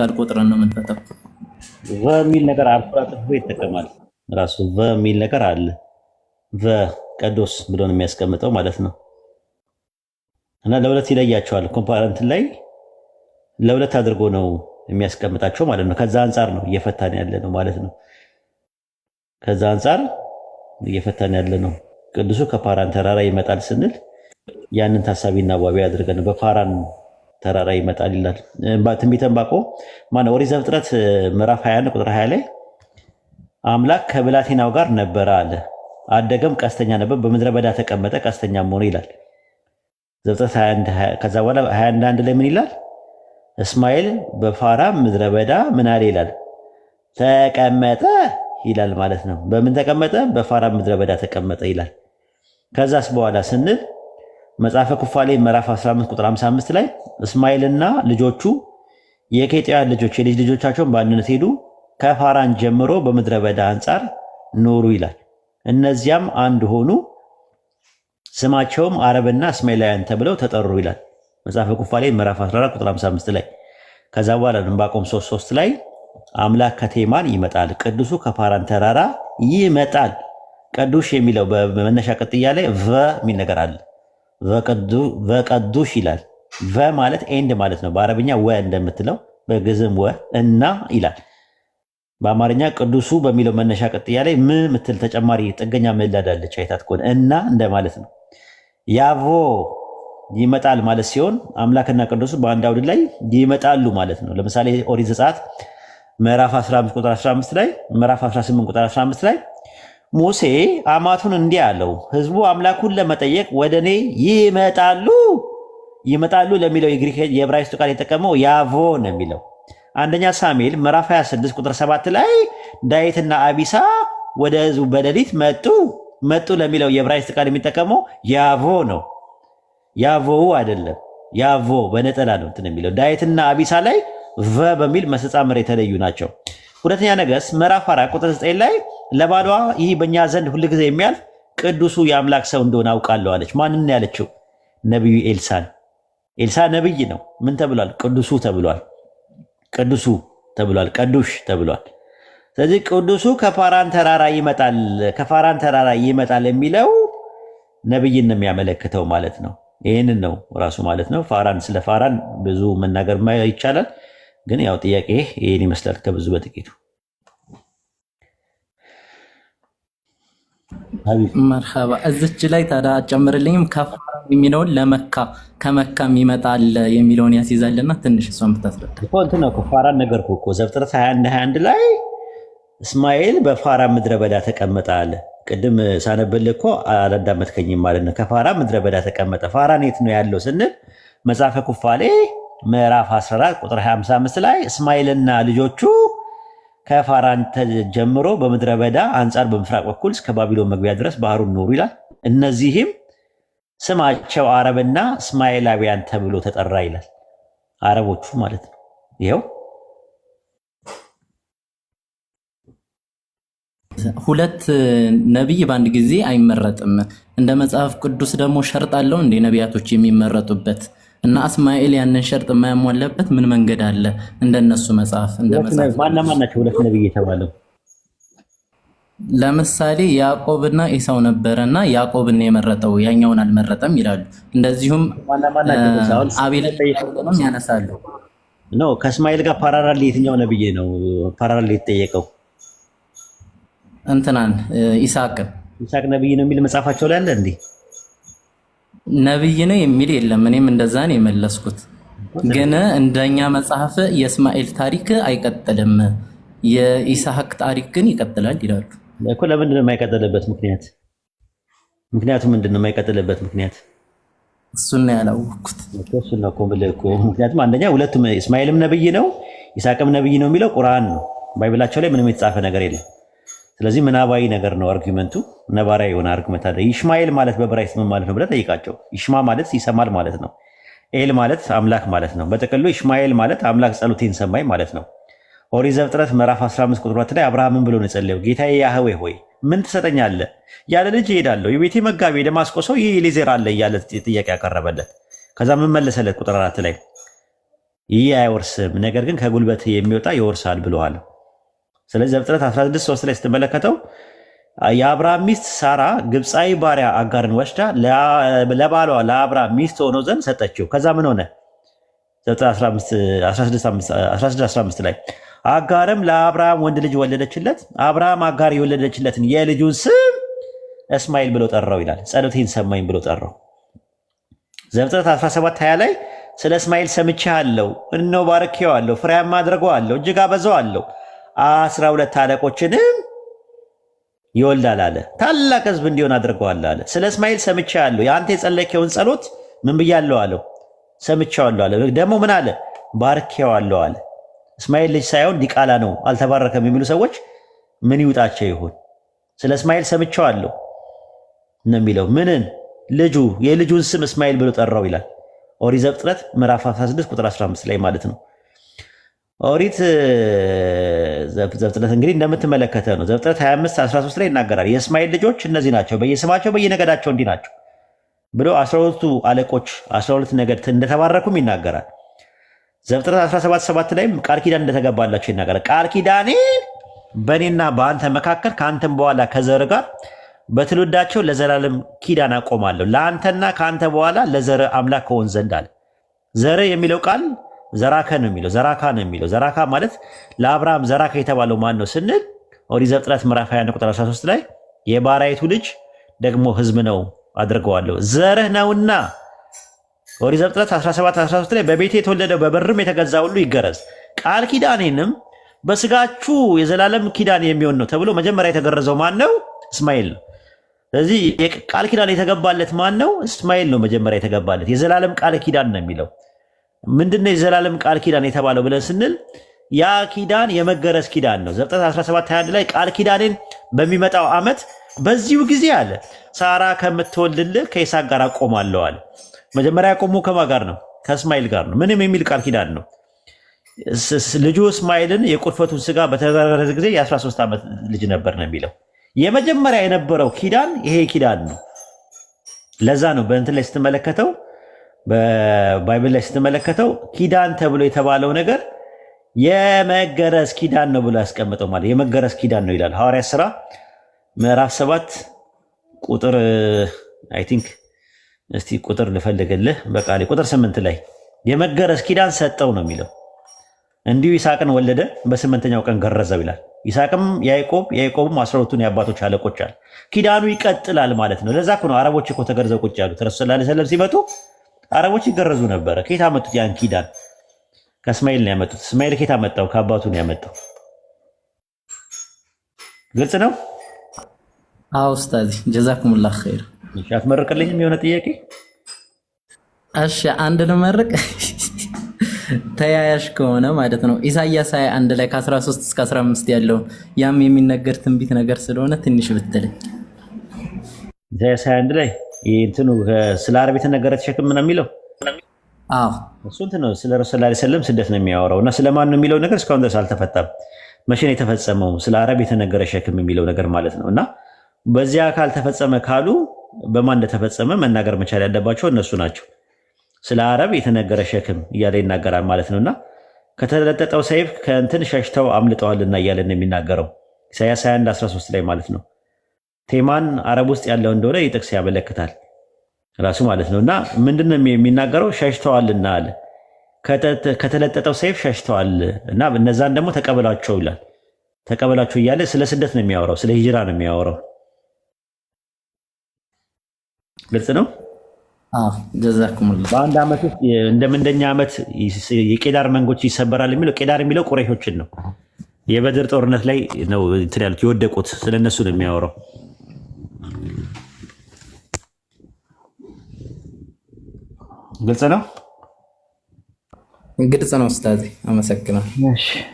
ቃል ቆጥረን ነው የምንፈታው። የሚል ነገር አቆራጥፎ ይጠቀማል። ራሱ የሚል ነገር አለ። ቀዶስ ብሎ ነው የሚያስቀምጠው ማለት ነው። እና ለሁለት ይለያቸዋል። ኮምፓረንት ላይ ለሁለት አድርጎ ነው የሚያስቀምጣቸው ማለት ነው። ከዛ አንጻር ነው እየፈታን ያለ ነው ማለት ነው። ከዛ አንጻር እየፈታን ያለ ነው። ቅዱሱ ከፓራን ተራራ ይመጣል ስንል ያንን ታሳቢና ዋቢ አድርገን በፓራን ተራራ ይመጣል ይላል። በትንቢተ ዕንባቆም ማነው ኦሪት ዘፍጥረት ምዕራፍ 21 ቁጥር 20 ላይ አምላክ ከብላቴናው ጋር ነበረ አለ፣ አደገም፣ ቀስተኛ ነበር፣ በምድረ በዳ ተቀመጠ፣ ቀስተኛ ሆነ ይላል። ዘፍጥረት 21 ከዛ በኋላ 21 አንድ ላይ ምን ይላል? እስማኤል በፋራ ምድረ በዳ ምን አለ ይላል፣ ተቀመጠ ይላል ማለት ነው። በምን ተቀመጠ? በፋራ ምድረ በዳ ተቀመጠ ይላል። ከዛስ በኋላ ስንል መጽሐፈ ኩፋሌ ምዕራፍ 15 ቁጥር 55 ላይ እስማኤልና ልጆቹ የኬጢያን ልጆች የልጅ ልጆቻቸውን በአንድነት ሄዱ፣ ከፋራን ጀምሮ በምድረ በዳ አንጻር ኖሩ ይላል። እነዚያም አንድ ሆኑ፣ ስማቸውም አረብና እስማኤላውያን ተብለው ተጠሩ ይላል መጽሐፈ ኩፋሌ ምዕራፍ 14 ቁጥር 55 ላይ። ከዛ በኋላ ዕንባቆም 3፥3 ላይ አምላክ ከቴማን ይመጣል፣ ቅዱሱ ከፋራን ተራራ ይመጣል። ቅዱስ የሚለው በመነሻ ቅጥያ ላይ ቨ የሚል ነገር አለ በቀዱሽ ይላል። ቨ ማለት ኤንድ ማለት ነው። በአረብኛ ወ እንደምትለው በግዝም ወ እና ይላል። በአማርኛ ቅዱሱ በሚለው መነሻ ቅጥያ ላይ ም ምትል ተጨማሪ ጥገኛ ምዕላድ አይታት ከሆነ እና እንደማለት ነው። ያቮ ይመጣል ማለት ሲሆን አምላክና ቅዱሱ በአንድ አውድ ላይ ይመጣሉ ማለት ነው። ለምሳሌ ኦሪት ዘጸአት ምዕራፍ 15 ቁጥር 15 ላይ ምዕራፍ 18 ቁጥር 15 ላይ ሙሴ አማቱን እንዲህ አለው፣ ህዝቡ አምላኩን ለመጠየቅ ወደ እኔ ይመጣሉ። ይመጣሉ ለሚለው የዕብራይስጡ ቃል የተጠቀመው ያቮ ነው የሚለው። አንደኛ ሳሙኤል ምዕራፍ 26 ቁጥር 7 ላይ ዳዊትና አቢሳ ወደ ህዝቡ በሌሊት መጡ። መጡ ለሚለው የዕብራይስጥ ቃል የሚጠቀመው ያቮ ነው። ያቮው አይደለም፣ ያቮ በነጠላ ነው እንትን የሚለው። ዳዊትና አቢሳ ላይ ቨ በሚል መስተጻምር የተለዩ ናቸው። ሁለተኛ ነገሥት ምዕራፍ 4 ቁጥር 9 ላይ ለባሏ ይህ በእኛ ዘንድ ሁልጊዜ የሚያልፍ ቅዱሱ የአምላክ ሰው እንደሆነ አውቃለሁ አለች። ማንን ያለችው? ነቢዩ ኤልሳን። ኤልሳ ነቢይ ነው። ምን ተብሏል? ቅዱሱ ተብሏል። ቅዱሱ ተብሏል። ቀዱሽ ተብሏል። ስለዚህ ቅዱሱ ከፋራን ተራራ ይመጣል፣ ከፋራን ተራራ ይመጣል የሚለው ነቢይን ነው የሚያመለክተው ማለት ነው። ይህንን ነው ራሱ ማለት ነው። ፋራን ስለ ፋራን ብዙ መናገር ይቻላል፣ ግን ያው ጥያቄ ይህን ይመስላል ከብዙ በጥቂቱ መርሐባ እዚች ላይ ታዲያ አጨምርልኝም ከፋራ የሚለውን ለመካ ከመካ የሚመጣል የሚለውን ያስይዛልና ትንሽ እሷን ብታስረዳ እኮ እንትን ነው። ከፋራን ነገር እኮ ዘፍጥረት 21 21 ላይ እስማኤል በፋራ ምድረ በዳ ተቀመጠ አለ። ቅድም ሳነብል እኮ አላዳመጥከኝም ማለት ነው። ከፋራ ምድረ በዳ ተቀመጠ። ፋራን የት ነው ያለው ስንል መጽሐፈ ኩፋሌ ምዕራፍ 14 ቁጥር 55 ላይ እስማኤልና ልጆቹ ከፋራን ጀምሮ በምድረ በዳ አንጻር በምስራቅ በኩል እስከ ባቢሎን መግቢያ ድረስ ባህሩን ኖሩ ይላል። እነዚህም ስማቸው አረብና እስማኤላውያን ተብሎ ተጠራ ይላል። አረቦቹ ማለት ነው። ይኸው ሁለት ነቢይ በአንድ ጊዜ አይመረጥም። እንደ መጽሐፍ ቅዱስ ደግሞ ሸርጥ አለው እንደ ነቢያቶች የሚመረጡበት እና እስማኤል ያንን ሸርጥ የማያሟላበት ምን መንገድ አለ? እንደነሱ መጽሐፍ ናቸው ሁለት ነቢይ የተባለው ለምሳሌ ያዕቆብና ኢሳው ነበረ እና ያዕቆብን የመረጠው ያኛውን አልመረጠም ይላሉ። እንደዚሁም አቤልን ያነሳሉ። ኖ ከእስማኤል ጋር ፓራራል የትኛው ነብዬ ነው ፓራራል የተጠየቀው? እንትናን ኢሳቅ ኢሳቅ ነብይ ነው የሚል መጽሐፋቸው ላይ አለ እንዴ? ነብይ ነው የሚል የለም። እኔም እንደዛ ነው የመለስኩት። ግን እንደኛ መጽሐፍ የእስማኤል ታሪክ አይቀጥልም፣ የኢስሐቅ ታሪክ ግን ይቀጥላል ይላሉ እኮ። ለምንድን ነው የማይቀጥልበት ምክንያት? ምክንያቱ ምንድን ነው የማይቀጥልበት ምክንያት? እሱን ነው ያላወቅኩት። እሱ ነው እኮ የምልህ እኮ። ምክንያቱም አንደኛ ሁለቱም እስማኤልም ነብይ ነው፣ ኢስሐቅም ነብይ ነው የሚለው ቁርአን ነው። ባይብላቸው ላይ ምንም የተጻፈ ነገር የለም። ስለዚህ ምናባዊ ነገር ነው አርጊመንቱ፣ ነባሪያ የሆነ አርግመንት አለ። ይሽማኤል ማለት በዕብራይስጥ ምን ማለት ነው ብለህ ጠይቃቸው። ይሽማ ማለት ይሰማል ማለት ነው። ኤል ማለት አምላክ ማለት ነው። በጥቅሉ ይሽማኤል ማለት አምላክ ጸሎቴን ሰማኝ ማለት ነው። ኦሪት ዘፍጥረት ምዕራፍ 15 ቁጥር ላይ አብርሃምን ብሎ ነው የጸለየው? ጌታዬ ያህዌ ሆይ ምን ትሰጠኛለህ? ያለ ልጅ እሄዳለሁ፣ የቤቴ መጋቢ የደማስቆ ሰው ይህ ኤሊዜር አለ እያለ ጥያቄ ያቀረበለት። ከዛ ምን መለሰለት? ቁጥር አራት ላይ ይህ አይወርስም፣ ነገር ግን ከጉልበት የሚወጣ ይወርሳል ብለዋል። ስለዚህ ዘፍጥረት 16 3 ላይ ስትመለከተው የአብርሃም ሚስት ሳራ ግብፃዊ ባሪያ አጋርን ወስዳ ለባሏ ለአብርሃም ሚስት ሆኖ ዘንድ ሰጠችው። ከዛ ምን ሆነ? 16 ላይ አጋርም ለአብርሃም ወንድ ልጅ ወለደችለት። አብርሃም አጋር የወለደችለትን የልጁን ስም እስማኤል ብሎ ጠራው ይላል። ጸሎቴን ሰማኝ ብሎ ጠራው። ዘፍጥረት 17 20 ላይ ስለ እስማኤል ሰምቼ አለው እነሆ ባርኬዋለሁ፣ ፍሬያማ አድርገዋለሁ፣ እጅግ አበዛዋለሁ አስራ ሁለት አለቆችንም ይወልዳል አለ። ታላቅ ህዝብ እንዲሆን አድርገዋል አለ። ስለ እስማኤል ሰምቼአለሁ፣ የአንተ የጸለይከውን ጸሎት ምን ብያለሁ አለው፣ ሰምቼዋለሁ አለ። ደግሞ ምን አለ? ባርኬዋለሁ አለ። እስማኤል ልጅ ሳይሆን ዲቃላ ነው አልተባረከም የሚሉ ሰዎች ምን ይውጣቸው ይሆን? ስለ እስማኤል ሰምቼዋለሁ ነው የሚለው። ምንን ልጁ የልጁን ስም እስማኤል ብሎ ጠራው ይላል ኦሪት ዘፍጥረት ምዕራፍ 16 ቁጥር 15 ላይ ማለት ነው። ኦሪት ዘፍጥረት እንግዲህ እንደምትመለከተ ነው። ዘፍጥረት 25 13 ላይ ይናገራል። የእስማኤል ልጆች እነዚህ ናቸው፣ በየስማቸው በየነገዳቸው እንዲህ ናቸው ብሎ 12ቱ አለቆች 12 ነገድ እንደተባረኩም ይናገራል። ዘፍጥረት 17 ላይም ቃል ኪዳን እንደተገባላቸው ይናገራል። ቃል ኪዳኔን በእኔና በአንተ መካከል ከአንተም በኋላ ከዘር ጋር በትውልዳቸው ለዘላለም ኪዳን አቆማለሁ ለአንተና ከአንተ በኋላ ለዘር አምላክ ከሆን ዘንድ አለ። ዘር የሚለው ቃል ዘራከ ነው የሚለው ዘራካ ነው የሚለው ዘራካ ማለት ለአብርሃም ዘራካ የተባለው ማን ነው ስንል ኦሪት ዘፍጥረት ምዕራፍ 21 ቁጥር 13 ላይ የባራይቱ ልጅ ደግሞ ህዝብ ነው አድርገዋለሁ ዘርህ ነውና። ኦሪት ዘፍጥረት 17 13 ላይ በቤቴ የተወለደው በበርም የተገዛ ሁሉ ይገረዝ፣ ቃል ኪዳኔንም በስጋችሁ የዘላለም ኪዳን የሚሆን ነው ተብሎ መጀመሪያ የተገረዘው ማን ነው? እስማኤል ነው። ስለዚህ ቃል ኪዳን የተገባለት ማን ነው? እስማኤል ነው መጀመሪያ የተገባለት። የዘላለም ቃል ኪዳን ነው የሚለው ምንድነ የዘላለም ቃል ኪዳን የተባለው ብለን ስንል ያ ኪዳን የመገረዝ ኪዳን ነው። ዘፍጥረት 1721 ላይ ቃል ኪዳኔን በሚመጣው ዓመት በዚሁ ጊዜ አለ ሳራ ከምትወልድልህ ከይስሐቅ ጋር አቆማለሁ አለ። መጀመሪያ ያቆመው ከማ ጋር ነው? ከእስማኤል ጋር ነው። ምንም የሚል ቃል ኪዳን ነው። ልጁ እስማኤልን የቁልፈቱን ስጋ በተዘረረዘ ጊዜ የ13 ዓመት ልጅ ነበር ነው የሚለው። የመጀመሪያ የነበረው ኪዳን ይሄ ኪዳን ነው። ለዛ ነው በእንትን ላይ ስትመለከተው በባይብል ላይ ስትመለከተው ኪዳን ተብሎ የተባለው ነገር የመገረዝ ኪዳን ነው ብሎ ያስቀምጠው ማለት የመገረዝ ኪዳን ነው ይላል። ሐዋርያ ስራ ምዕራፍ ሰባት ቁጥር አይ ቲንክ እስቲ ቁጥር ልፈልግልህ በቃሌ ቁጥር ስምንት ላይ የመገረዝ ኪዳን ሰጠው ነው የሚለው። እንዲሁ ይስሐቅን ወለደ በስምንተኛው ቀን ገረዘው ይላል። ይስሐቅም ያዕቆብ ያዕቆብም አስራ ሁለቱን የአባቶች አለቆች አለ። ኪዳኑ ይቀጥላል ማለት ነው። ለዛ ነው አረቦች እኮ ተገርዘው ቁጭ ያሉት ረሱ ስላ ሰለም ሲመጡ አረቦች ይገረዙ ነበረ። ከየት አመጡት? ያን ኪዳን ከእስማኤል ነው ያመጡት። እስማኤል ከየት አመጣው? ከአባቱ ነው ያመጣው። ግልጽ ነው። አዎ ኡስታዝ ጀዛኩሙላህ ኸይር። አትመርቅልኝም? የሆነ ጥያቄ እሺ፣ አንድ ልመርቅ ተያያሽ ከሆነ ማለት ነው። ኢሳያስ አንድ ላይ ከ13 እስከ 15 ያለው ያም የሚነገር ትንቢት ነገር ስለሆነ ትንሽ ብትል ኢሳያስ አንድ ላይ እንትኑ ስለ አረብ የተነገረ ተሸክም ነው የሚለው እሱ እንትን ነው። ስለ ረሱ ላ ሰለም ስደት ነው የሚያወራው እና ስለማን ነው የሚለው ነገር እስካሁን ድረስ አልተፈታም። መቼ ነው የተፈጸመው? ስለ አረብ የተነገረ ሸክም የሚለው ነገር ማለት ነው። እና በዚያ ካልተፈጸመ ካሉ በማን እንደተፈጸመ መናገር መቻል ያለባቸው እነሱ ናቸው። ስለ አረብ የተነገረ ሸክም እያለ ይናገራል ማለት ነው። እና ከተለጠጠው ሰይፍ ከእንትን ሸሽተው አምልጠዋልና እያለ ነው የሚናገረው ኢሳያስ 21 13 ላይ ማለት ነው። ቴማን አረብ ውስጥ ያለው እንደሆነ ይጥቅስ ያመለክታል ራሱ ማለት ነው። እና ምንድነው የሚናገረው? ሸሽተዋልና አለ ከተለጠጠው ሰይፍ ሸሽተዋል እና እነዛን ደግሞ ተቀበላቸው ይላል። ተቀበላቸው እያለ ስለ ስደት ነው የሚያወራው፣ ስለ ሂጅራ ነው የሚያወራው። ግልጽ ነው። በአንድ ዓመት ውስጥ እንደምንደኛ ዓመት የቄዳር መንጎች ይሰበራል የሚለው ቄዳር የሚለው ቁረሾችን ነው። የበድር ጦርነት ላይ ነው ያሉት የወደቁት፣ ስለነሱ ነው የሚያወራው። ግልጽ ነው፣ ግልጽ ነው ኡስታዝ። ስታዚ አመሰግናል።